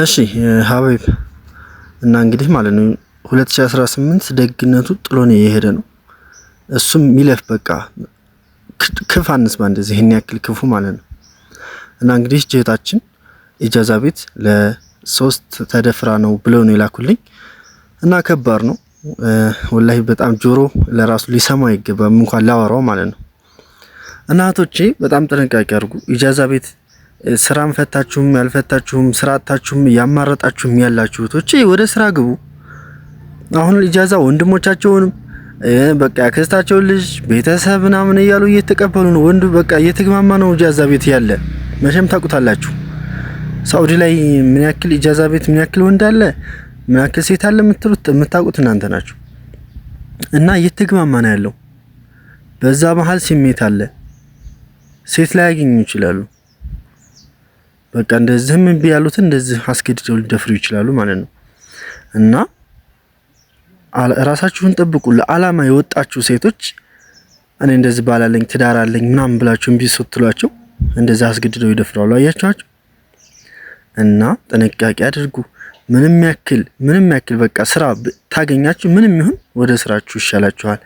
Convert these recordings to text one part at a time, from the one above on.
እሺ ሀበይብ እና እንግዲህ ማለት ነው 2018 ደግነቱ ጥሎን የሄደ ነው። እሱም ሚለፍ በቃ ክፍ አንስማ እንደዚህ ይህን ያክል ክፉ ማለት ነው። እና እንግዲህ ጀታችን ኢጃዛ ቤት ለሶስት ተደፍራ ነው ብለው ነው የላኩልኝ እና ከባድ ነው ወላሂ በጣም ጆሮ ለራሱ ሊሰማ አይገባም እንኳን ላወራው ማለት ነው። እና እህቶቼ በጣም ጥንቃቄ አድርጉ ኢጃዛ ቤት ስራም ፈታችሁም ያልፈታችሁም ስራ አጣችሁም ያማረጣችሁም ያላችሁ ወደ ስራ ግቡ። አሁን ኢጃዛ ወንድሞቻቸውንም በቃ ያክስታቸው ልጅ ቤተሰብ ምናምን እያሉ እየተቀበሉ ነው። ወንዱ በቃ እየተግማማ ነው ኢጃዛ ቤት ያለ መቼም ታውቁታላችሁ። ሳውዲ ላይ ምን ያክል ኢጃዛ ቤት ምን ያክል ወንድ አለ ምን ያክል ሴት አለ የምትሉት የምታውቁት እናንተ ናችሁ። እና እየተግማማ ነው ያለው። በዛ መሀል ስሜት አለ። ሴት ላይ ያገኙ ይችላሉ በቃ እንደዚህም እምቢ ያሉትን እንደዚህ አስገድደው ሊደፍሩ ይችላሉ ማለት ነው። እና ራሳችሁን ጠብቁ። ለዓላማ የወጣችሁ ሴቶች እኔ እንደዚህ ባላለኝ ትዳር አለኝ ምናምን ብላችሁ እምቢ ስትሏቸው እንደዚህ አስገድደው ይደፍራሉ። አያችኋቸው። እና ጥንቃቄ አድርጉ። ምንም ያክል ምንም ያክል በቃ ስራ ታገኛችሁ ምንም ይሁን ወደ ስራችሁ ይሻላችኋል።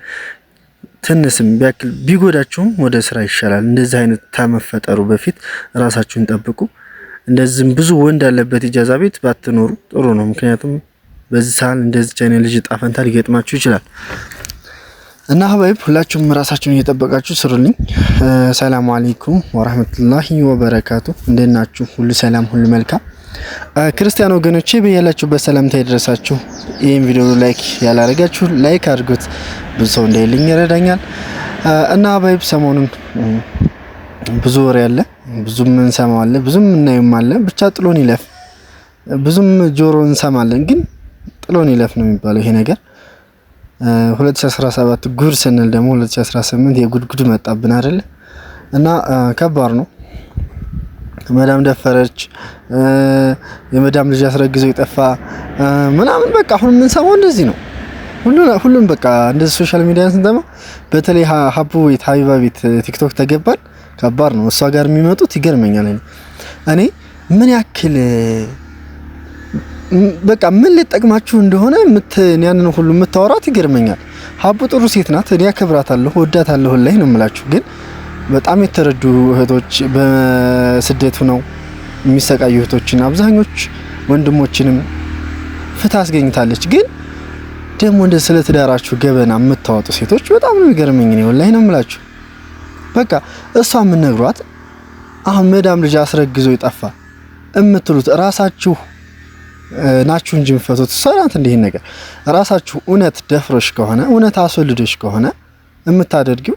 ትንስም ቢያክል ቢጎዳችሁም ወደ ስራ ይሻላል። እንደዚህ አይነት ተመፈጠሩ በፊት ራሳችሁን ጠብቁ። እንደዚህም ብዙ ወንድ ያለበት ኢጃዛ ቤት ባትኖሩ ጥሩ ነው። ምክንያቱም በዚህ ሰዓት እንደዚህ አይነት ልጅ እጣ ፈንታ ሊገጥማችሁ ይችላል እና ሀባይብ ሁላችሁም ራሳችሁን እየጠበቃችሁ ስሩልኝ። ሰላም አለይኩም ወራህመቱላሂ ወበረካቱ። እንዴት ናችሁ? ሁሉ ሰላም፣ ሁሉ መልካም። ክርስቲያን ወገኖቼ በያላችሁበት ሰላምታ ይድረሳችሁ። ይህን ቪዲዮ ላይክ ያላረጋችሁ ላይክ አድርጉት፣ ብዙ ሰው እንዳይልኝ ይረዳኛል። እና ሀባይብ ሰሞኑን ብዙ ወሬ አለ ብዙም እንሰማዋለን፣ ብዙም አለ። ብቻ ጥሎን ይለፍ፣ ብዙም ጆሮ እንሰማለን፣ ግን ጥሎን ይለፍ ነው የሚባለው ይሄ ነገር። 2017 ጉድ ስንል ደግሞ 2018 የጉድጉድ መጣብን አይደል? እና ከባድ ነው። መዳም ደፈረች፣ የመዳም ልጅ አስረግዘው የጠፋ ምናምን በቃ አሁን የምንሰማው እንደዚህ ነው። ሁሉም በቃ እንደዚህ ሶሻል ሚዲያ ስንሰማ በተለይ ሀቡ ቤት ሀቢባ ቤት ቲክቶክ ተገባል ከባድ ነው። እሷ ጋር የሚመጡት ይገርመኛል። እኔ ምን ያክል በቃ ምን ልጠቅማችሁ እንደሆነ ያንን ሁሉ የምታወራት ይገርመኛል። ሀቡ ጥሩ ሴት ናት። እኔ አከብራታለሁ፣ ወዳታለሁ ላይ ነው የምላችሁ። ግን በጣም የተረዱ እህቶች በስደቱ ነው የሚሰቃዩ እህቶችን አብዛኞች ወንድሞችንም ፍትህ አስገኝታለች። ግን ደግሞ እንደ ስለ ትዳራችሁ ገበና የምታወጡ ሴቶች በጣም ነው ይገርመኝ። እኔ ወላሂ ነው የምላችሁ። በቃ እሷ የምነግሯት አሁን መዳም ልጅ አስረግዞ ይጠፋ እምትሉት ራሳችሁ ናችሁ እንጂ የምትፈቱት እሷ ናት። ነገር ራሳችሁ እውነት ደፍሮሽ ከሆነ እውነት አስወልዶሽ ከሆነ የምታደርጊው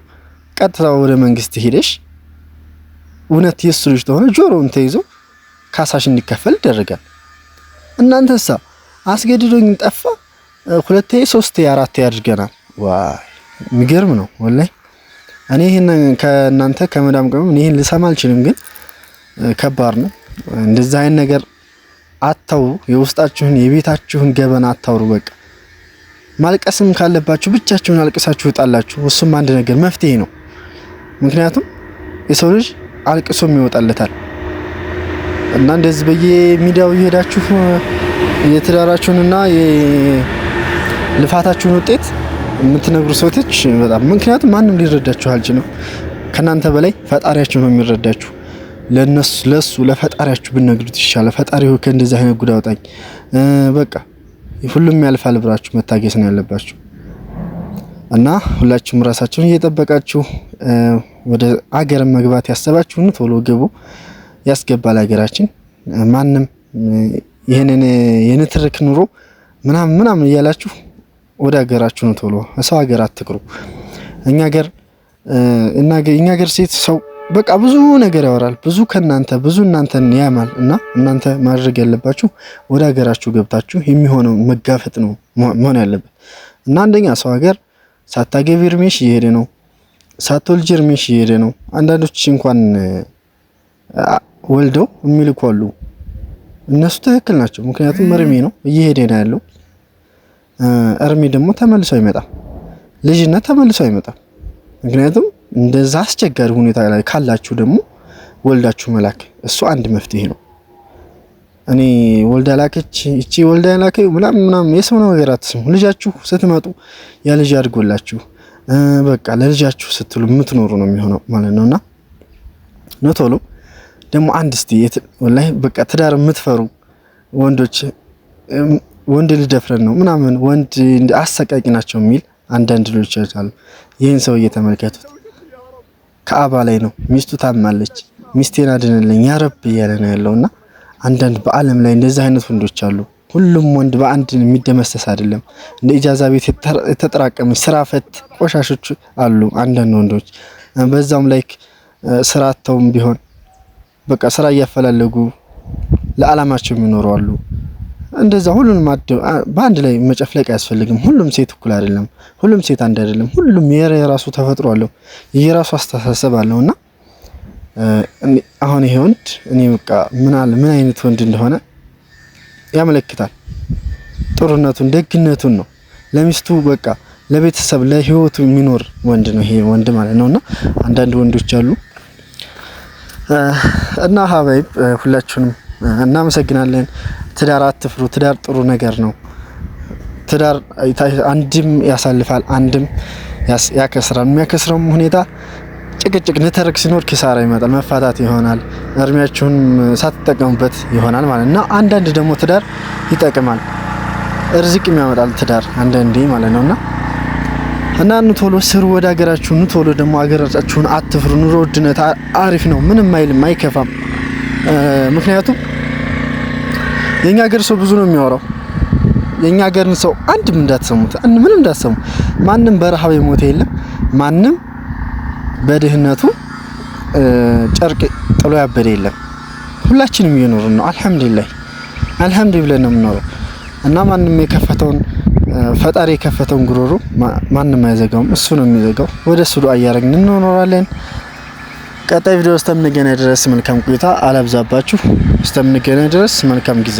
ቀጥታ ወደ መንግስት ሄደሽ እውነት የሱ ልጅ ተሆነ ጆሮውን ተይዞ ካሳሽ እንዲከፈል ይደረጋል። እናንተሳ አስገድዶኝ ጠፋ ሁለቴ ሶስቴ አራቴ አድርገናል። ዋይ የሚገርም ነው ወላይ። እኔ ይህን ከእናንተ ከመዳም ቅመም ይህን ልሰማ አልችልም፣ ግን ከባድ ነው። እንደዛ አይነት ነገር አታውሩ። የውስጣችሁን የቤታችሁን ገበና አታውሩ። በቃ ማልቀስም ካለባችሁ ብቻችሁን አልቅሳችሁ ይወጣላችሁ። እሱም አንድ ነገር መፍትሄ ነው። ምክንያቱም የሰው ልጅ አልቅሶም ይወጣለታል እና እንደዚህ በየሚዲያው እየሄዳችሁ የትዳራችሁንና የልፋታችሁን ውጤት የምትነግሩ ሰዎች በጣም ምክንያቱም ማንም ሊረዳችሁ አልችልም። ከእናንተ በላይ ፈጣሪያችሁ ነው የሚረዳችሁ። ለነሱ ለሱ ለፈጣሪያችሁ ብነግሩት ይሻላል። ፈጣሪ ሆይ ከእንደዚህ አይነት ጉድ አውጣኝ፣ በቃ ሁሉም ያልፋል ብላችሁ መታገስ ነው ያለባችሁ እና ሁላችሁም ራሳችሁን እየጠበቃችሁ ወደ አገር መግባት ያሰባችሁን ቶሎ ግቡ። ያስገባል ሀገራችን። ማንም ይህንን የንትርክ ኑሮ ምናምን ምናምን እያላችሁ ወደ ሀገራችሁ ነው ቶሎ። ሰው ሀገር አትቅሩ። እኛ ሀገር እና እኛ ሀገር ሴት ሰው በቃ ብዙ ነገር ያወራል፣ ብዙ ከእናንተ ብዙ እናንተን ያማል። እና እናንተ ማድረግ ያለባችሁ ወደ ሀገራችሁ ገብታችሁ የሚሆነው መጋፈጥ ነው መሆን ያለበት። እና አንደኛ ሰው ሀገር ሳታገቢ እርሜሽ እየሄደ ነው፣ ሳትወልጂ እርሜሽ እየሄደ ነው። አንዳንዶች እንኳን ወልደው የሚልኩ አሉ። እነሱ ትክክል ናቸው፣ ምክንያቱም መርሜ ነው እየሄደ ነው ያለው እርሚ ደግሞ ተመልሶ አይመጣም። ልጅነት ተመልሶ አይመጣም። ምክንያቱም እንደዛ አስቸጋሪ ሁኔታ ላይ ካላችሁ ደግሞ ወልዳችሁ መላክ እሱ አንድ መፍትሄ ነው። እኔ ወልዳ ላከች እቺ ወልዳ ላከ ምናምን ምናምን የሰው ነገር አትስሙ። ልጃችሁ ስትመጡ ያ ልጅ አድጎላችሁ በቃ ለልጃችሁ ስትሉ የምትኖሩ ነው የሚሆነው ማለት ነው። እና ነቶሎ ደግሞ አንድ ስቲ ላይ በቃ ትዳር የምትፈሩ ወንዶች ወንድ ልደፍረን ነው ምናምን ወንድ አሰቃቂ ናቸው የሚል አንዳንድ ልጆች አሉ። ይህን ሰው እየተመልከቱት ከአባ ላይ ነው ሚስቱ ታማለች፣ ሚስቴን አድንልኝ ያረብ እያለ ነው ያለው። እና አንዳንድ በአለም ላይ እንደዚህ አይነት ወንዶች አሉ። ሁሉም ወንድ በአንድ የሚደመሰስ አይደለም። እንደ ኢጃዛ ቤት የተጠራቀመ ስራ ፈት ቆሻሾች አሉ አንዳንድ ወንዶች። በዛውም ላይ ስራ ቢሆን በቃ ስራ እያፈላለጉ ለአላማቸው የሚኖሩ አሉ። እንደዛ ሁሉንም በአንድ ላይ መጨፍለቅ አያስፈልግም። ሁሉም ሴት እኩል አይደለም። ሁሉም ሴት አንድ አይደለም። ሁሉም የራሱ ተፈጥሮ አለው፣ የራሱ አስተሳሰብ አለው እና አሁን ይሄ ወንድ እኔ በቃ ምናል ምን አይነት ወንድ እንደሆነ ያመለክታል። ጥሩነቱን ደግነቱን ነው ለሚስቱ በቃ ለቤተሰብ ለህይወቱ የሚኖር ወንድ ነው ይሄ ወንድ ማለት ነው። እና አንዳንድ ወንዶች አሉ እና ሀበይብ ሁላችሁንም እናመሰግናለን። ትዳር አትፍሩ። ትዳር ጥሩ ነገር ነው። ትዳር አንድም ያሳልፋል፣ አንድም ያከስራል። የሚያከስረውም ሁኔታ ጭቅጭቅ፣ ንትርክ ሲኖር ኪሳራ ይመጣል፣ መፋታት ይሆናል፣ እድሜያችሁን ሳትጠቀሙበት ይሆናል ማለት እና አንዳንድ ደግሞ ትዳር ይጠቅማል፣ እርዝቅ የሚያመጣል ትዳር አንዳንዴ ማለት ነው እና እና ኑ ቶሎ ስሩ፣ ወደ ሀገራችሁ ኑ ቶሎ። ደግሞ ሀገራችሁን አትፍሩ። ኑሮ ውድነት አሪፍ ነው፣ ምንም አይልም፣ አይከፋም። ምክንያቱም የኛ ሀገር ሰው ብዙ ነው የሚያወራው። የኛ ሀገርን ሰው አንድም እንዳትሰሙት፣ አንድ ምንም እንዳትሰሙ። ማንም በረሃብ የሞተ የለም። ማንም በድህነቱ ጨርቅ ጥሎ ያበደ የለም። ሁላችንም እየኖርን ነው። አልሐምዱሊላህ አልሐምዱ ብለን ነው የምኖረው እና ማንም የከፈተውን ፈጣሪ የከፈተውን ጉሮሮ ማንም አይዘጋውም። እሱ ነው የሚዘጋው። ወደ እሱ ዱዓ እያደረግን እንኖራለን። ቀጣይ ቪዲዮ እስከምንገናኝ ድረስ መልካም ቆይታ። አላብዛባችሁ። እስከምንገናኝ ድረስ መልካም ጊዜ